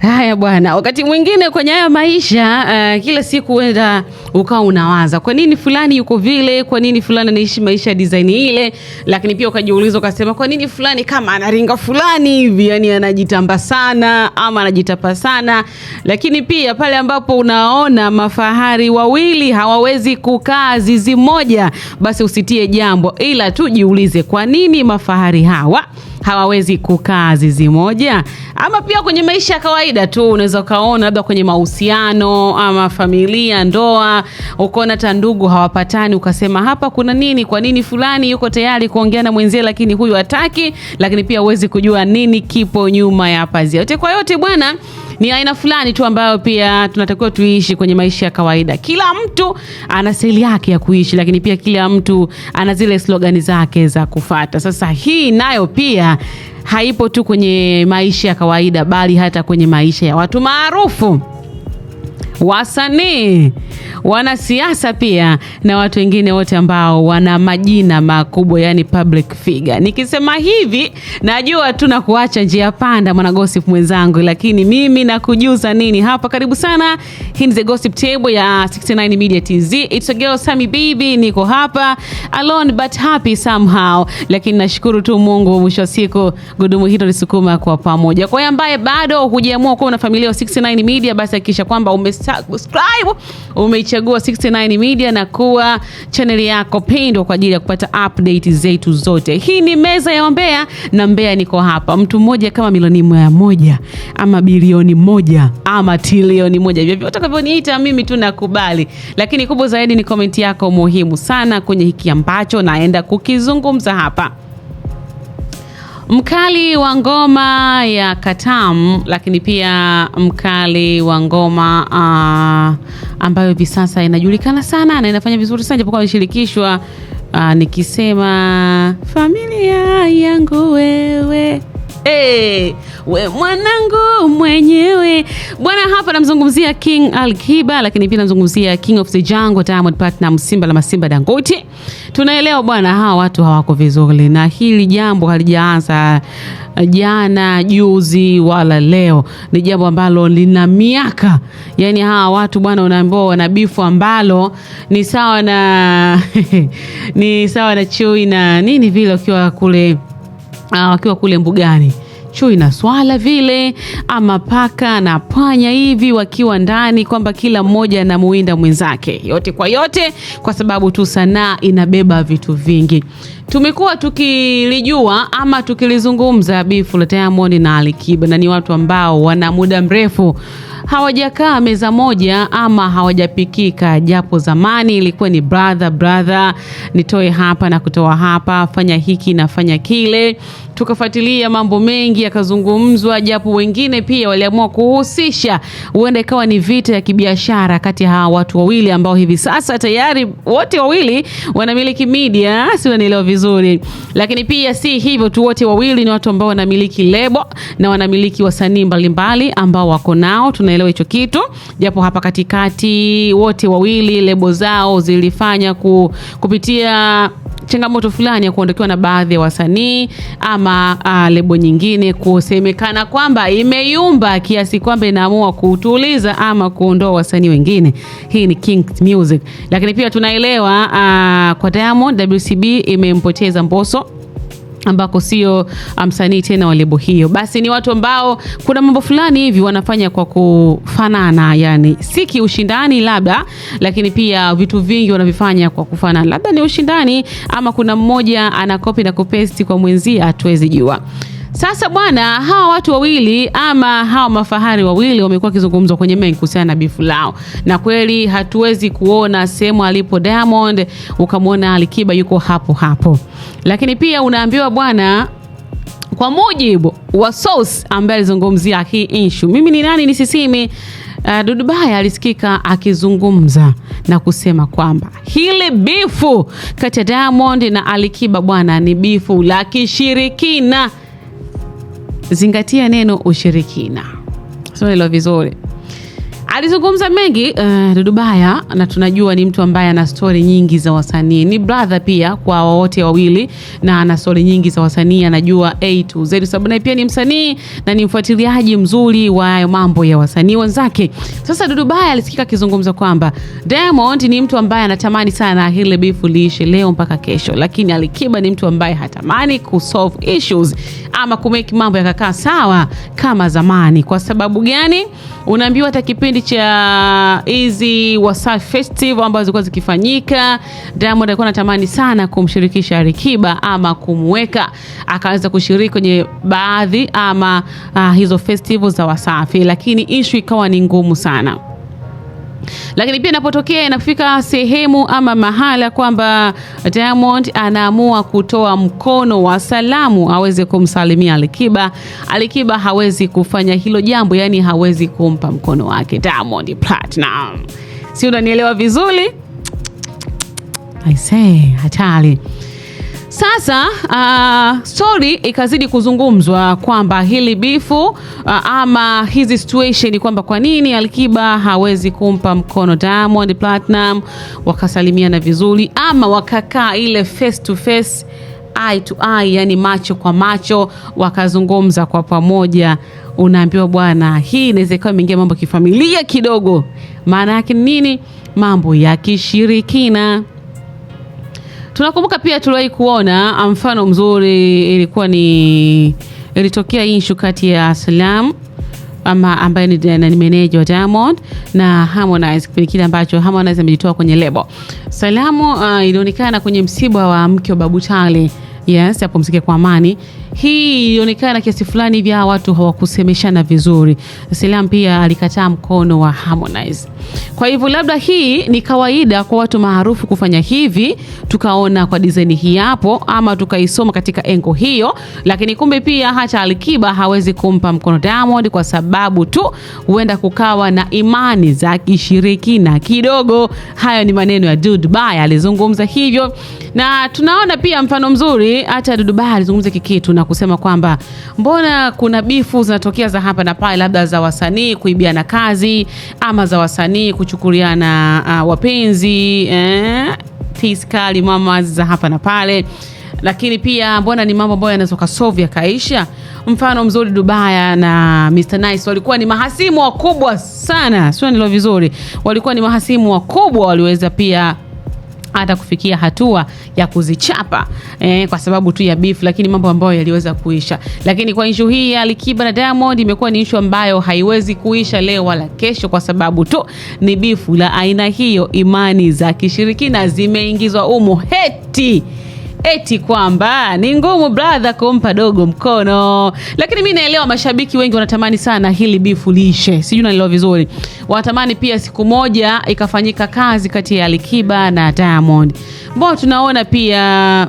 Haya bwana, wakati mwingine kwenye haya maisha uh, kila siku huenda ukawa unawaza kwa nini fulani yuko vile, kwa nini fulani anaishi maisha ya design ile, lakini pia ukajiuliza ukasema, kwa nini fulani kama anaringa fulani hivi, yani anajitamba sana ama anajitapa sana. Lakini pia pale ambapo unaona mafahari wawili hawawezi kukaa zizi moja, basi usitie jambo, ila tu jiulize, kwa nini mafahari hawa hawawezi kukaa zizi moja, ama pia kwenye maisha ya kawaida tu unaweza ukaona labda kwenye mahusiano ama familia, ndoa, ukaona hata ndugu hawapatani, ukasema hapa kuna nini? Kwa nini fulani yuko tayari kuongea na mwenzie lakini huyu hataki? Lakini pia huwezi kujua nini kipo nyuma ya pazia. Yote kwa yote bwana ni aina fulani tu ambayo pia tunatakiwa tuishi kwenye maisha ya kawaida. Kila mtu ana seli yake ya kuishi, lakini pia kila mtu ana zile slogani zake za kufata. Sasa hii nayo pia haipo tu kwenye maisha ya kawaida, bali hata kwenye maisha ya watu maarufu, wasanii wanasiasa pia na watu wengine wote ambao wana majina makubwa, yani public figure. Nikisema hivi najua tu na kuacha njia panda, mwana gossip mwenzangu, lakini mimi nakujuza nini hapa. Karibu sana, hii ni the gossip table ya 69 Media TZ. It's a girl Sami Bibi, niko hapa alone but happy somehow, lakini nashukuru tu Mungu, mwisho wa siku gudumu hilo lisukuma kwa pamoja. Kwa hiyo ambaye bado hujaamua kuwa na familia ya 69 Media, basi hakikisha kwamba umesubscribe ume umeichagua 69 Media na kuwa chaneli yako pendwa kwa ajili ya kupata update zetu zote. Hii ni meza ya Mbea na Mbea niko hapa. Mtu mmoja kama milioni mia moja ama bilioni moja ama trilioni moja, vyovyote utakavyoniita mimi tu nakubali, lakini kubwa zaidi ni komenti yako muhimu sana kwenye hiki ambacho naenda kukizungumza hapa mkali wa ngoma ya Katamu, lakini pia mkali wa ngoma uh, ambayo hivi sasa inajulikana sana na inafanya vizuri sana japokuwa ameshirikishwa uh, ah, nikisema familia yangu wewe Hey, we mwanangu mwenyewe bwana, hapa namzungumzia King Alikiba, lakini pia namzungumzia King of the Jungle Diamond Platinum, Simba la Masimba Dangote. Tunaelewa bwana, hawa watu hawako vizuri, na hili jambo halijaanza jana juzi wala leo, ni jambo ambalo lina miaka. Yani hawa watu bwana, unaambiwa wana bifu ambalo ni sawa na ni sawa na chui na nini vile, ukiwa kule wakiwa ah, kule mbugani chui na swala vile ama paka na panya hivi wakiwa ndani, kwamba kila mmoja anamuinda mwenzake, yote kwa yote, kwa sababu tu sanaa inabeba vitu vingi. Tumekuwa tukilijua ama tukilizungumza bifu la tayamoni na Alikiba, na ni watu ambao wana muda mrefu hawajakaa meza moja ama hawajapikika, japo zamani ilikuwa ni brother brother, nitoe hapa na kutoa hapa, fanya hiki na fanya kile. Tukafuatilia mambo mengi yakazungumzwa, japo wengine pia waliamua kuhusisha, huenda ikawa ni vita ya kibiashara kati ya hawa watu wawili ambao hivi sasa tayari wote wawili wanamiliki media, si wanaelewa vizuri. Lakini pia si hivyo tu, wote wawili ni watu ambao wanamiliki lebo na wanamiliki wasanii mbalimbali ambao wako nao tuna tunaelewa hicho kitu, japo hapa katikati wote wawili lebo zao zilifanya ku, kupitia changamoto fulani ya kuondokiwa na baadhi ya wasanii ama a, lebo nyingine kusemekana kwamba imeyumba kiasi kwamba inaamua kutuliza ama kuondoa wasanii wengine. Hii ni King Music, lakini pia tunaelewa kwa Diamond WCB imempoteza Mbosso ambako sio ah, msanii tena wa lebo hiyo, basi ni watu ambao kuna mambo fulani hivi wanafanya kwa kufanana, yani si kiushindani labda, lakini pia vitu vingi wanavifanya kwa kufanana, labda ni ushindani ama kuna mmoja anakopi na kupesti kwa mwenzia hatuwezi jua. Sasa bwana, hawa watu wawili ama hawa mafahari wawili wamekuwa wakizungumzwa kwenye mengi kuhusiana na bifu lao, na kweli hatuwezi kuona sehemu alipo Diamond ukamwona Alikiba yuko hapo hapo, lakini pia unaambiwa bwana kwa mujibu wa source ambaye alizungumzia hii issue, mimi ni nani nisisimi. Uh, Dudubaya alisikika akizungumza na kusema kwamba hili bifu kati ya Diamond na Alikiba bwana ni bifu la kishirikina zingatia neno ushirikina. Sio vizuri. Alizungumza mengi uh, eh, Dudubaya na tunajua ni mtu ambaye ana stori nyingi za wasanii, ni brother pia kwa wote wawili, na ana stori nyingi za wasanii, anajua A to Z sababu naye pia ni msanii na ni mfuatiliaji mzuri wa mambo ya wasanii wenzake. Sasa Dudubaya alisikika akizungumza kwamba Diamond ni mtu ambaye anatamani sana hili bifu liishe leo mpaka kesho, lakini Alikiba ni mtu ambaye hatamani kusolve issues ama kumeki mambo yakakaa sawa kama zamani. Kwa sababu gani? Unaambiwa hata kipindi cha hizi Wasafi Festival ambazo zilikuwa zikifanyika, Diamond alikuwa anatamani sana kumshirikisha Alikiba ama kumweka akaweza kushiriki kwenye baadhi ama uh, hizo festival za Wasafi, lakini ishu ikawa ni ngumu sana. Lakini pia inapotokea inafika sehemu ama mahala kwamba Diamond anaamua kutoa mkono wa salamu aweze kumsalimia Alikiba, Alikiba hawezi kufanya hilo jambo, yani hawezi kumpa mkono wake Diamond Platinum. Si unanielewa vizuri? I say hatari. Sasa uh, ah, stori ikazidi kuzungumzwa kwamba hili bifu uh, ama hizi situation kwamba kwa nini Alikiba hawezi kumpa mkono Diamond Platinum, wakasalimiana vizuri ama wakakaa ile face to face, eye to eye, yani macho kwa macho, wakazungumza kwa pamoja. Unaambiwa bwana, hii inaweza ikawa imeingia mambo kifamilia kidogo. Maana yake nini? Mambo ya kishirikina. Tunakumbuka pia tuliwahi kuona ah, mfano mzuri, ilikuwa ni ilitokea inshu kati ya Salam ama ambaye ni meneja wa Diamond na Harmonize, kipindi kile ambacho Harmonize amejitoa kwenye lebo. Salamu uh, ah, ilionekana kwenye msiba wa mke wa Babu Tale yes, apumzike kwa amani. Hii ilionekana kiasi fulani hivi hawa watu hawakusemeshana vizuri. Selam pia alikataa mkono wa Harmonize. Kwa hivyo labda hii ni kawaida kwa watu maarufu kufanya hivi, tukaona kwa design hii hapo, ama tukaisoma katika engo hiyo, lakini kumbe pia hata Alikiba hawezi kumpa mkono Diamond kwa sababu tu huenda kukawa na imani za kishirikina kidogo. Hayo ni maneno ya Dude Baya, alizungumza hivyo na tunaona pia mfano mzuri lakini hata Dudubaya alizungumza kikitu na kusema kwamba mbona kuna bifu zinatokea za hapa na pale, labda za wasanii kuibiana kazi ama za wasanii kuchukuliana uh, wapenzi eh, tiskali mama za hapa na pale lakini pia mbona ni mambo ambayo yanaweza kasovu yakaisha. Mfano mzuri Dubaya na Mr Nice walikuwa ni mahasimu wakubwa sana, sio nilo vizuri, walikuwa ni mahasimu wakubwa, waliweza pia hata kufikia hatua ya kuzichapa eh, kwa sababu tu ya beef, lakini mambo ambayo yaliweza kuisha. Lakini kwa issue hii ya Alikiba na Diamond imekuwa ni issue ambayo haiwezi kuisha leo wala kesho, kwa sababu tu ni beef la aina hiyo. Imani za kishirikina zimeingizwa umo heti eti kwamba ni ngumu bradha kumpa dogo mkono, lakini mi naelewa mashabiki wengi wanatamani sana hili bifu liishe, sijui naelewa vizuri. Wanatamani pia siku moja ikafanyika kazi kati ya Alikiba na Diamond, mbona tunaona pia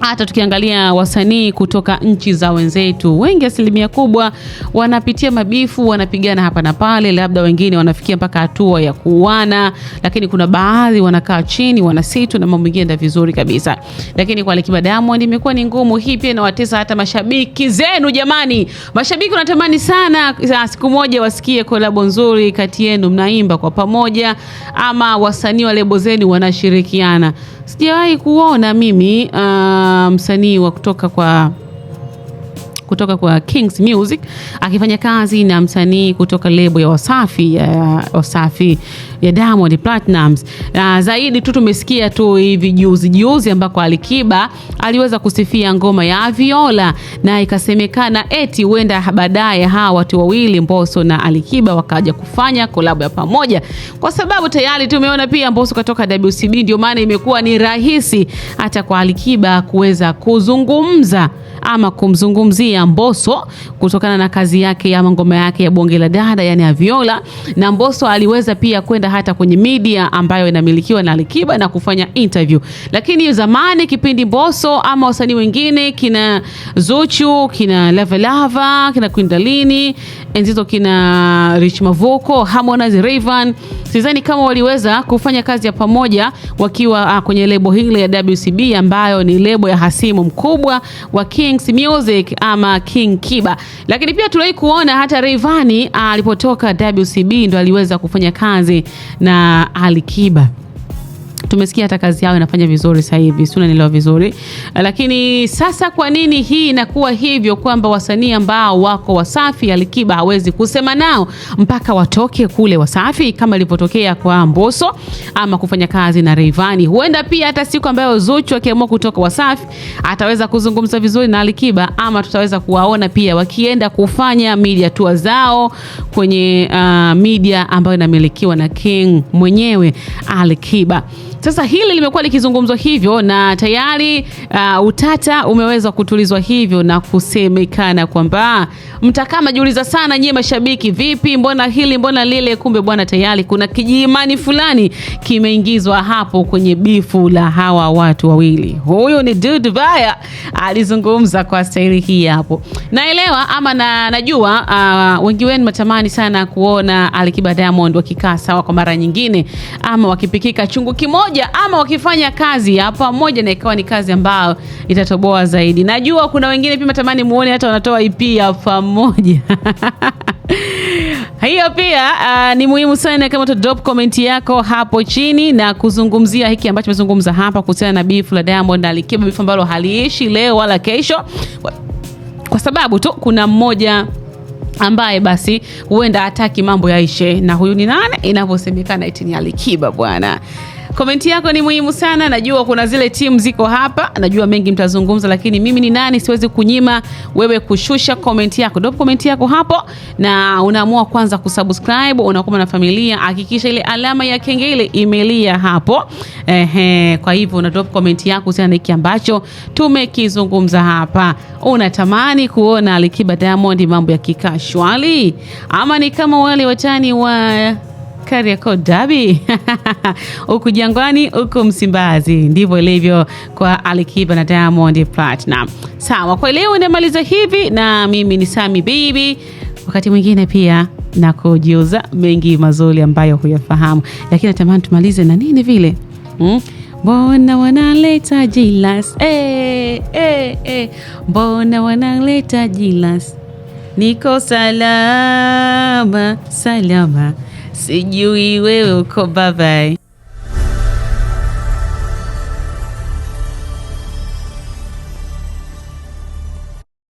hata tukiangalia wasanii kutoka nchi za wenzetu, wengi asilimia kubwa wanapitia mabifu, wanapigana hapa na pale, labda wengine wanafikia mpaka hatua ya kuuana, lakini kuna baadhi wanakaa chini, wanasitu na mambo mengine vizuri kabisa. Lakini kwa Alikiba Diamond imekuwa ni ngumu. Hii pia inawatesa hata mashabiki zenu. Jamani, mashabiki wanatamani sana ah, siku moja wasikie kolabo nzuri kati yenu, mnaimba kwa pamoja, ama wasanii wa lebo zenu wanashirikiana Sijawahi kuona mimi uh, msanii wa kutoka kwa kutoka kwa Kings Music akifanya kazi na msanii kutoka lebo ya Wasafi ya Wasafi ya Diamond Platnumz. Na zaidi tu tumesikia tu hivi juzi juzi ambako Alikiba aliweza kusifia ngoma ya Viola na ikasemekana eti huenda baadaye hawa watu wawili Mbosso na Alikiba wakaja kufanya kolabo ya pamoja, kwa sababu tayari tumeona pia Mbosso katoka WCB, ndio maana imekuwa ni rahisi hata kwa Alikiba kuweza kuzungumza ama kumzungumzia Mbosso kutokana na kazi yake ama ngoma yake ya bonge la dada, yani ya Viola. Na Mbosso aliweza pia kwenda hata kwenye media ambayo inamilikiwa na Alikiba na kufanya interview. Lakini zamani kipindi Mbosso ama wasanii wengine kina Zuchu, kina Lava Lava, kina Kwindalini, enzi kina Rich Mavoko, Harmonize, Raven, sidhani kama waliweza kufanya kazi ya pamoja wakiwa ah, kwenye lebo hili ya WCB ambayo ni lebo ya hasimu mkubwa wa King Kings Music ama King Kiba. Lakini pia tuliwahi kuona hata Rayvanny alipotoka WCB ndo aliweza kufanya kazi na Ali Kiba tumesikia hata kazi yao inafanya vizuri sasa hivi, si unanielewa vizuri. Eh, lakini sasa kwa nini hii inakuwa hivyo kwamba wasanii ambao wako Wasafi Alikiba hawezi kusema nao mpaka watoke kule Wasafi, kama ilivyotokea kwa Mboso ama kufanya kazi na Rayvanny. Huenda pia hata siku ambayo Zuchu akiamua kutoka Wasafi ataweza kuzungumza vizuri na Alikiba, ama tutaweza kuwaona pia wakienda kufanya media tour zao kwenye uh, media ambayo inamilikiwa na King mwenyewe Alikiba. Sasa hili limekuwa likizungumzwa hivyo na tayari uh, utata umeweza kutulizwa hivyo na kusemekana kwamba mtakaa majiuliza sana nyie mashabiki, vipi, mbona hili mbona lile? Kumbe bwana, tayari kuna kijiimani fulani kimeingizwa hapo kwenye bifu la hawa watu wawili. Huyu ni Dude Vaya alizungumza kwa staili hii hapo. Naelewa ama na, najua uh, wengi wenu matamani sana kuona Alikiba Diamond wakikaa sawa kwa mara nyingine ama wakipikika chungu kimoja pamoja ama wakifanya kazi ya pamoja, na ikawa ni kazi ambayo itatoboa zaidi. Najua kuna wengine pia matamani muone hata wanatoa EP ya pamoja hiyo pia uh, ni muhimu sana kama utadrop comment yako hapo chini na kuzungumzia hiki ambacho tumezungumza hapa kuhusiana na beef la Diamond na Alikiba, beef ambalo haliishi leo wala kesho, kwa sababu tu kuna mmoja ambaye basi huenda hataki mambo yaishe, na huyu ni nani? Inavyosemekana eti ni Alikiba bwana. Komenti yako ni muhimu sana. Najua kuna zile timu ziko hapa, najua mengi mtazungumza, lakini mimi ni nani? Siwezi kunyima wewe kushusha komenti yako. Drop komenti yako hapo, na unaamua kwanza kusubscribe, unakuwa na familia, hakikisha ile alama ya kengele imelia hapo. Ehe, kwa hivyo una drop komenti yako sana, hiki ambacho tumekizungumza hapa. Unatamani kuona Alikiba Diamond mambo yakikaa shwari, ama ni kama wale watani wa Kariakoo Derby huku Jangwani, huku Msimbazi. Ndivyo ilivyo kwa Alikiba na Diamond Platinum. Sawa, kwa leo namaliza hivi, na mimi ni Sami Bibi. Wakati mwingine pia na kujiuza mengi mazuri ambayo huyafahamu, lakini natamani tumalize na nini vile hmm? Mbona wanaleta jilas eh, eh, eh. Mbona wanaleta jilas, niko salama salama. Sijui wewe uko, bye